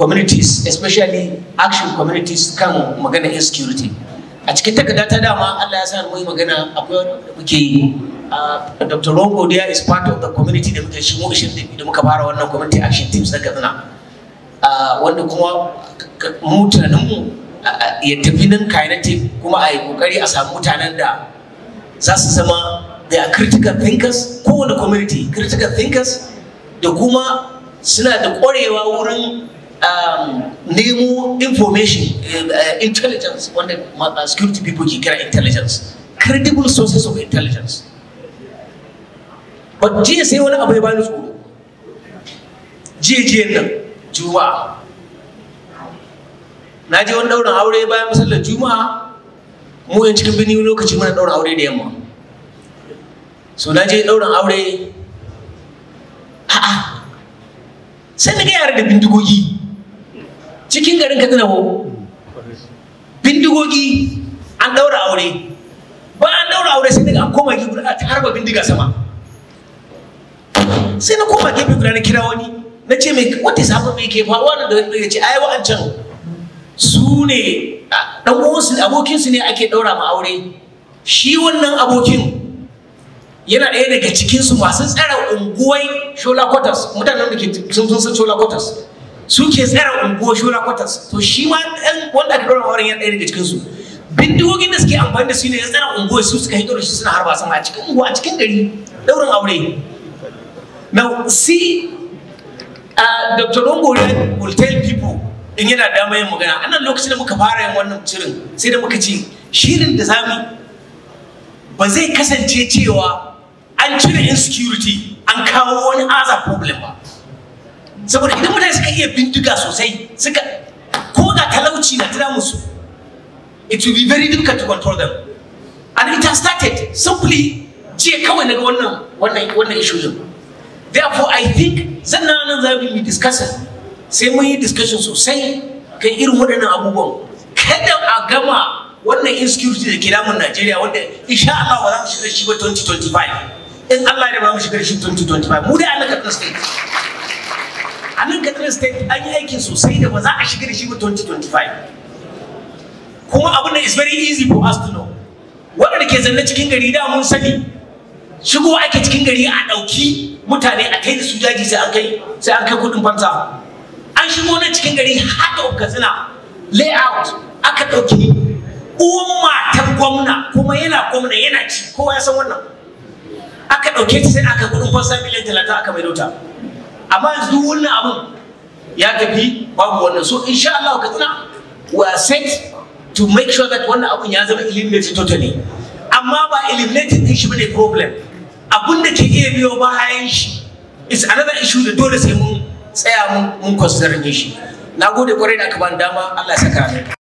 communities especially action communities kan magana insecurity a cikin takarda ta dama Allah ya sa mu magana akwai wanda da muke yi Dr. Rongo Dia is part of the community da muke shi mu da muka fara wannan community action teams na Kaduna wanda kuma mutanen mu ya tafi nan kinetic kuma a yi kokari a samu mutanen da za su zama da critical thinkers kowane community critical thinkers da kuma suna da ƙwarewa wurin Um, nemo information uh, intelligence wanda uh, security people ke kira intelligence credible sources of intelligence but jiya sai wani abu ya bani tsoro jiya jiya nan juma'a na je wani ɗaurin aure bayan musallar juma'a mu yan cikin bini lokaci muna ɗaurin aure da yamma so na je ɗaurin aure a'a sai na ga yare da bindigogi cikin garin katsina ho bindigogi an ɗaura aure ba an ɗaura aure sai daga koma gefe guda ta harba bindiga sama sai na koma gefe guda na kira wani na ce mai wata sabon mai ke faruwa da ya ce ai wa'ancan su ne ɗan abokin abokinsu ne ake ɗaura ma aure shi wannan abokin yana ɗaya daga cikinsu masu tsara unguwai shola quarters mutanen da ke sun san shola quarters suke tsara unguwar shura kwatas to shi ma ɗan wanda aka ɗora wurin ya ɗaya daga cikinsu bindigogin da suke amfani da su ne ya tsara unguwar su suka hito da shi suna harba sama a cikin unguwa a cikin gari ɗaurin aure now see uh, dr dongore will tell people in yana dama yin magana a nan lokacin da muka fara yin wannan shirin sai da muka ce shirin da zamu ba zai kasance cewa an cire insecurity an kawo wani aza problem ba saboda idan iya bindiga sosai suka ko da talauci na tana musu it will be very difficult to control them and it has started simply jiya kawai daga wannan wannan wannan issue din therefore i think zanna nan za mu yi discussion sai mun yi discussion sosai kan irin waɗannan abubuwan kada a gama wannan insecurity da ke damun Najeriya wanda insha Allah ba za mu shiga shi ba 2025 in Allah ya ba mu shiga shi 2025 mu dai Allah ka tsaka a nan katsina state an yi aikin sosai da ba za a shiga da shi ba 2025 kuma abin da is very easy for us to know waɗanda ke zanne cikin gari da mun sani shigo ake cikin gari a ɗauki mutane a kai da su daji sai an kai sai an kai kuɗin fansa an shigo na cikin gari haka katsina layout aka ɗauki uwan matan gwamna kuma yana gwamna yana ci kowa ya san wannan aka ɗauke ta sai aka kuɗin fansa miliyan talatin aka mai dauta amma yanzu duk wannan abun ya tafi babu wannan so insha Allah ka tsina we are set to make sure that wannan abun ya zama eliminated totally amma ba eliminated din shi bane problem abun da ke iya biyo ba bayan shi is another issue da dole sai mun tsaya mun consider shi nagode kwarai da aka ban dama Allah ya saka ni